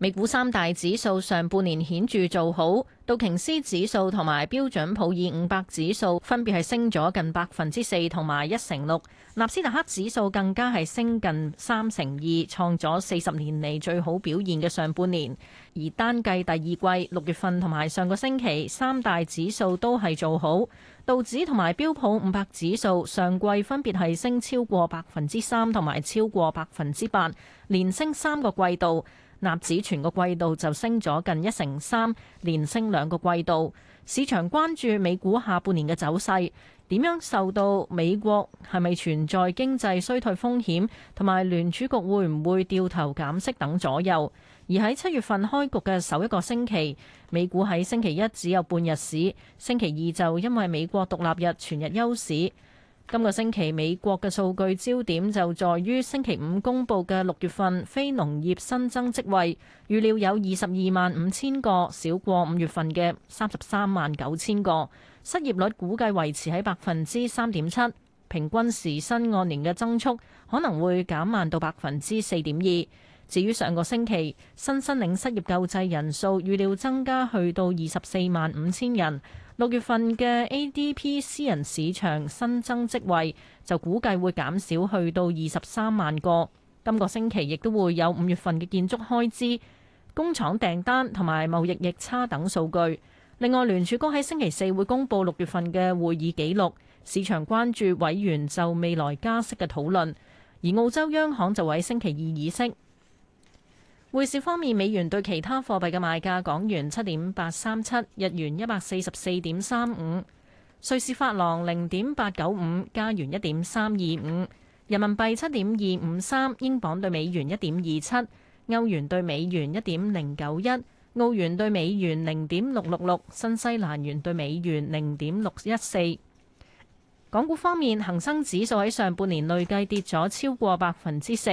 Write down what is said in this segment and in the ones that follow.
美股三大指數上半年顯著做好，道瓊斯指數同埋標準普爾五百指數分別係升咗近百分之四同埋一成六，納斯達克指數更加係升近三成二，創咗四十年嚟最好表現嘅上半年。而單計第二季六月份同埋上個星期，三大指數都係做好，道指同埋標普五百指數上季分別係升超過百分之三同埋超過百分之八，連升三個季度。納指全個季度就升咗近一成三，連升兩個季度。市場關注美股下半年嘅走勢，點樣受到美國係咪存在經濟衰退風險，同埋聯儲局會唔會掉頭減息等左右。而喺七月份開局嘅首一個星期，美股喺星期一只有半日市，星期二就因為美國獨立日全日休市。今個星期美國嘅數據焦點就在於星期五公佈嘅六月份非農業新增職位，預料有二十二萬五千個，少過五月份嘅三十三萬九千個。失業率估計維持喺百分之三點七，平均時薪按年嘅增速可能會減慢到百分之四點二。至於上個星期新申領失業救濟人數預料增加，去到二十四萬五千人。六月份嘅 ADP 私人市場新增職位就估計會減少，去到二十三萬個。今個星期亦都會有五月份嘅建築開支、工廠訂單同埋貿易逆差等數據。另外，聯儲局喺星期四會公佈六月份嘅會議紀錄，市場關注委員就未來加息嘅討論。而澳洲央行就喺星期二議息。匯市方面，美元對其他貨幣嘅賣價：港元七點八三七，日元一百四十四點三五，瑞士法郎零點八九五，加元一點三二五，人民幣七點二五三，英鎊兌美元一點二七，歐元兌美元一點零九一，澳元兌美元零點六六六，新西蘭元兌美元零點六一四。港股方面，恒生指數喺上半年累計跌咗超過百分之四。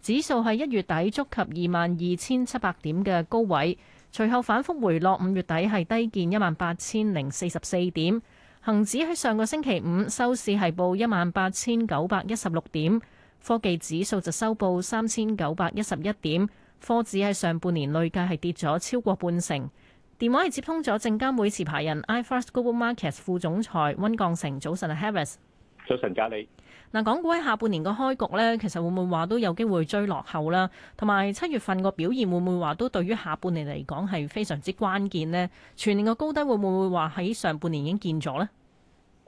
指數係一月底觸及二萬二千七百點嘅高位，隨後反覆回落。五月底係低見一萬八千零四十四點。恒指喺上個星期五收市係報一萬八千九百一十六點，科技指數就收報三千九百一十一點。科指喺上半年累計係跌咗超過半成。電話係接通咗證監會持牌人 iFAST Global Markets 副總裁温鋼成，早晨啊，Harris。早晨，加嗱，港股喺下半年個開局呢，其實會唔會話都有機會追落後啦？同埋七月份個表現會唔會話都對於下半年嚟講係非常之關鍵呢？全年個高低會唔會話喺上半年已經見咗呢？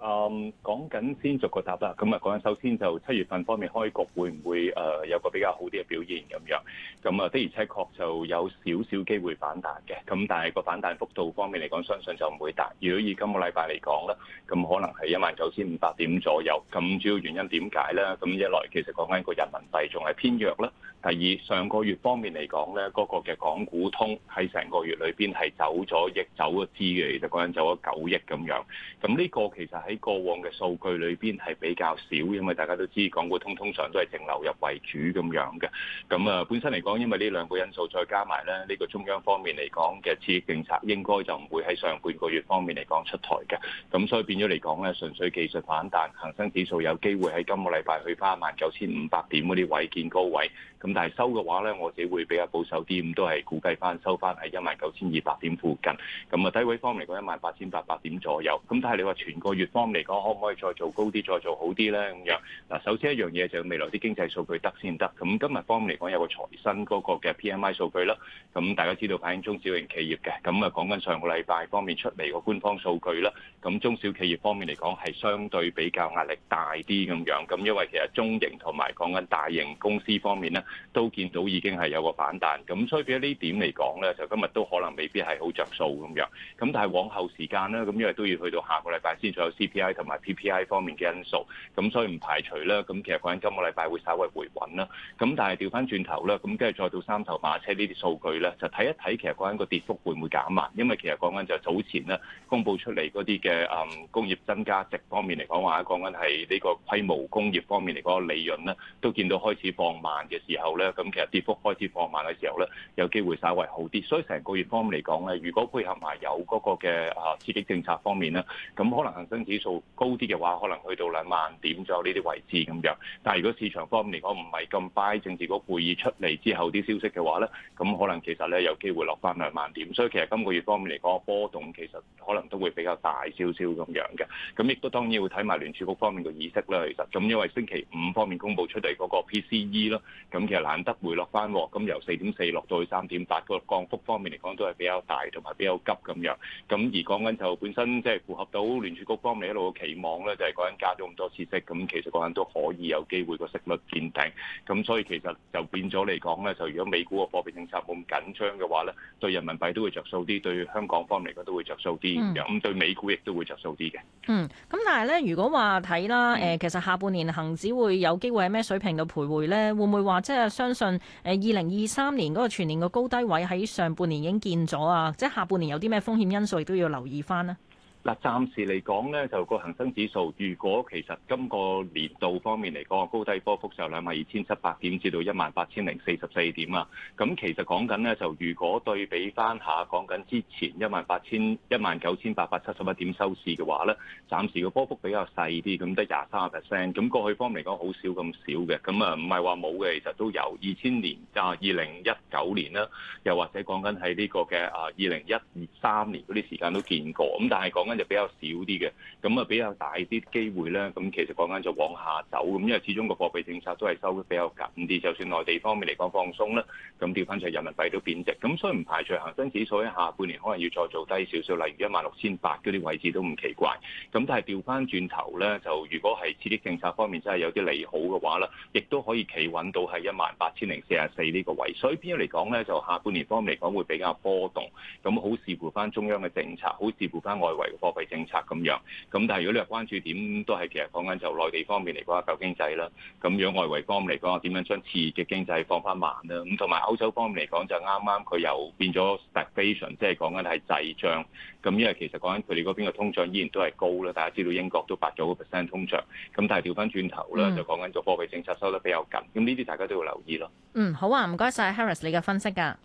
誒講緊先逐個答啦，咁啊講緊首先就七月份方面開局會唔會誒有個比較好啲嘅表現咁樣？咁啊的而且確就有少少機會反彈嘅，咁但係個反彈幅度方面嚟講，相信就唔會大。如果以今個禮拜嚟講咧，咁可能係一萬九千五百點左右。咁主要原因點解咧？咁一來其實講緊個人民幣仲係偏弱啦；第二上個月方面嚟講咧，嗰個嘅港股通喺成個月裏邊係走咗億走咗資嘅，就講緊走咗九億咁樣。咁呢個其實係，喺過往嘅數據裏邊係比較少，因為大家都知港股通通常都係淨流入為主咁樣嘅。咁啊，本身嚟講，因為呢兩個因素，再加埋咧，呢個中央方面嚟講嘅刺激政策應該就唔會喺上半個月方面嚟講出台嘅。咁所以變咗嚟講咧，純粹技術反彈，恆生指數有機會喺今個禮拜去翻萬九千五百點嗰啲位見高位。咁但係收嘅話咧，我自己會比較保守啲，咁都係估計翻收翻喺一萬九千二百點附近。咁啊，低位方面嚟講，一萬八千八百點左右。咁但係你話全個月方方嚟講，可唔可以再做高啲，再做好啲呢？咁樣嗱，首先一樣嘢就未來啲經濟數據得先得。咁今日方面嚟講有個財新嗰個嘅 PMI 數據啦。咁大家知道反映中小型企業嘅。咁啊講緊上個禮拜方面出嚟個官方數據啦。咁中小企業方面嚟講係相對比較壓力大啲咁樣。咁因為其實中型同埋講緊大型公司方面呢，都見到已經係有個反彈。咁所以喺呢點嚟講呢，就今日都可能未必係好着數咁樣。咁但係往後時間呢，咁因為都要去到下個禮拜先再有 C P.I. 同埋 P.P.I. 方面嘅因素，咁所以唔排除啦。咁其實講緊今個禮拜會稍微回穩啦。咁但係調翻轉頭啦。咁跟住再到三頭馬車呢啲數據咧，就睇一睇其實講緊個的跌幅會唔會減慢？因為其實講緊就早前咧公布出嚟嗰啲嘅誒工業增加值方面嚟講話，講緊係呢個規模工業方面嚟講嘅利潤咧，都見到開始放慢嘅時候咧，咁其實跌幅開始放慢嘅時候咧，有機會稍微好啲。所以成個月方面嚟講咧，如果配合埋有嗰個嘅誒刺激政策方面啦，咁可能恒生指數高啲嘅話，可能去到兩萬點左右呢啲位置咁樣。但係如果市場方面嚟講，唔係咁快，政治局個會議出嚟之後啲消息嘅話咧，咁可能其實咧有機會落翻兩萬點。所以其實今個月方面嚟講，波動其實可能都會比較大少少咁樣嘅。咁亦都當然會睇埋聯儲局方面嘅意識啦。其實咁因為星期五方面公佈出嚟嗰個 PCE 咯，咁其實難得回落翻，咁由四點四落到去三點八，嗰個降幅方面嚟講都係比較大同埋比較急咁樣。咁而講緊就本身即係、就是、符合到聯儲局方面。你一路期望咧，就係嗰陣加咗咁多次息，咁其實嗰陣都可以有機會個息率見頂，咁所以其實就變咗嚟講咧，就如果美股個貨幣政策冇咁緊張嘅話咧，對人民幣都會着數啲，對香港方面嚟講都會着數啲咁樣，咁對美股亦都會着數啲嘅。嗯，咁但係咧，如果話睇啦，誒，其實下半年恒指會有機會喺咩水平度徘徊咧？會唔會話即係相信誒二零二三年嗰個全年個高低位喺上半年已經見咗啊？即係下半年有啲咩風險因素亦都要留意翻咧？嗱，暫時嚟講咧，就個恒生指數，如果其實今個年度方面嚟講，高低波幅就兩萬二千七百點至到一萬八千零四十四點啊。咁其實講緊咧，就如果對比翻下講緊之前一萬八千、一萬九千八百七十一點收市嘅話咧，暫時個波幅比較細啲，咁得廿三 percent。咁過去方面嚟講，好少咁少嘅，咁啊唔係話冇嘅，其實都有二千年啊、二零一九年啦，又或者講緊喺呢個嘅啊二零一二三年嗰啲時間都見過。咁但係講。就比較少啲嘅，咁啊比較大啲機會咧，咁其實講緊就往下走咁，因為始終個貨幣政策都係收得比較緊啲，就算內地方面嚟講放鬆咧，咁調翻出嚟人民幣都貶值，咁所以唔排除恆生指數喺下半年可能要再做低少少，例如一萬六千八嗰啲位置都唔奇怪。咁但係調翻轉頭咧，就如果係刺激政策方面真係有啲利好嘅話咧，亦都可以企穩到係一萬八千零四十四呢個位。所以邊一嚟講咧，就下半年方面嚟講會比較波動，咁好視乎翻中央嘅政策，好視乎翻外圍。貨幣政策咁樣，咁但係如果你略關注點都係其實講緊就內地方面嚟講啊，救經濟啦。咁如果外圍方面嚟講啊，點樣將刺激經濟放翻慢啦？咁同埋歐洲方面嚟講就啱啱佢又變咗 stagflation 即係講緊係滯脹。咁因為其實講緊佢哋嗰邊嘅通脹依然都係高啦。大家知道英國都八咗個 percent 通脹，咁但係調翻轉頭啦，就講緊做貨幣政策收得比較緊。咁呢啲大家都要留意咯。嗯，好啊，唔該晒 Harris 你嘅分析㗎啊。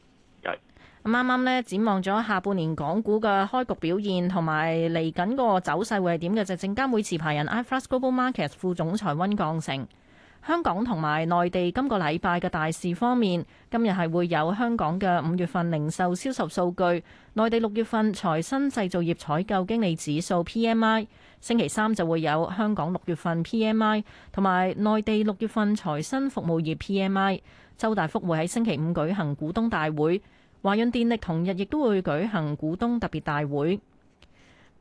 啱啱呢展望咗下半年港股嘅開局表現同埋嚟緊個走勢會係點嘅。就證監會持牌人 iFAST Global Markets 副總裁溫鋼成。香港同埋內地今個禮拜嘅大事方面，今日係會有香港嘅五月份零售銷售數據，內地六月份財新製造業採購經理指數 P M I。星期三就會有香港六月份 P M I 同埋內地六月份財新服務業 P M I。周大福會喺星期五舉行股東大會。華潤電力同日亦都會舉行股東特別大會。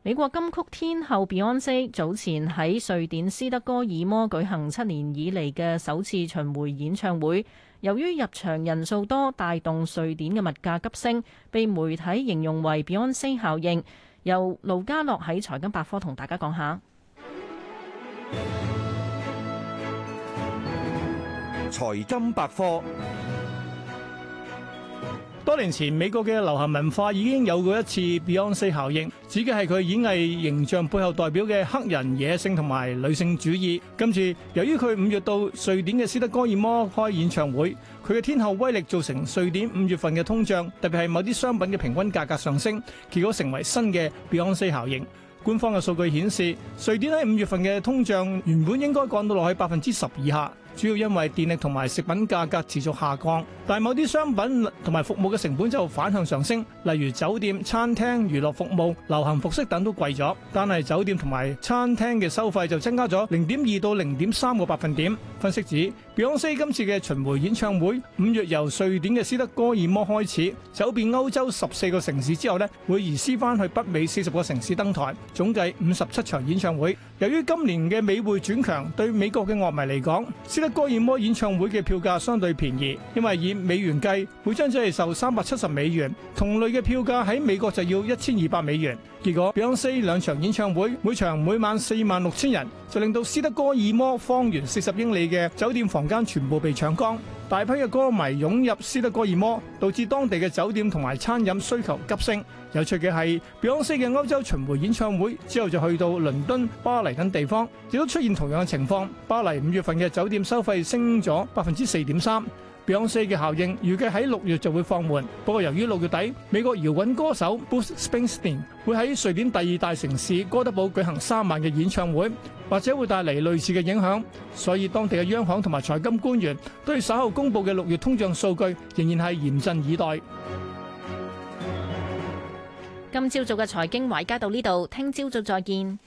美國金曲天后碧安絲早前喺瑞典斯德哥爾摩舉行七年以嚟嘅首次巡迴演唱會，由於入場人數多，帶動瑞典嘅物價急升，被媒體形容為碧安絲效應。由盧家樂喺財金百科同大家講下。財金百科。多年前，美國嘅流行文化已經有過一次 Beyonce 效應，指嘅係佢演藝形象背後代表嘅黑人野性同埋女性主義。今次由於佢五月到瑞典嘅斯德哥爾摩開演唱會，佢嘅天后威力造成瑞典五月份嘅通脹，特別係某啲商品嘅平均價格上升，結果成為新嘅 Beyonce 效應。官方嘅數據顯示，瑞典喺五月份嘅通脹原本應該降到落去百分之十以下。主要因為電力同埋食品價格持續下降，但係某啲商品同埋服務嘅成本就反向上升，例如酒店、餐廳、娛樂服務、流行服飾等都貴咗。但係酒店同埋餐廳嘅收費就增加咗零點二到零點三個百分點。分析指，Beyonce 今次嘅巡迴演唱會五月由瑞典嘅斯德哥爾摩開始，走遍歐洲十四個城市之後咧，會移師翻去北美四十個城市登台，總計五十七場演唱會。由於今年嘅美匯轉強，對美國嘅樂迷嚟講，斯德哥爾摩演唱會嘅票價相對便宜，因為以美元計，每張只係售三百七十美元，同類嘅票價喺美國就要一千二百美元。結果，比昂斯兩場演唱會，每場每晚四萬六千人，就令到斯德哥爾摩方圓四十英里嘅酒店房間全部被搶光。大批嘅歌迷湧入斯德哥爾摩，導致當地嘅酒店同埋餐飲需求急升。有趣嘅係，碧昂斯嘅歐洲巡迴演唱會之後就去到倫敦、巴黎等地方，亦都出現同樣嘅情況。巴黎五月份嘅酒店收費升咗百分之四點三。Beyoncé 嘅效應預計喺六月就會放緩，不過由於六月底美國搖滾歌手 Bruce Springsteen 會喺瑞典第二大城市哥德堡舉行三萬嘅演唱會，或者會帶嚟類似嘅影響，所以當地嘅央行同埋財金官員對稍後公佈嘅六月通脹數據仍然係嚴陣以待。今朝早嘅財經華爾街到呢度，聽朝早再見。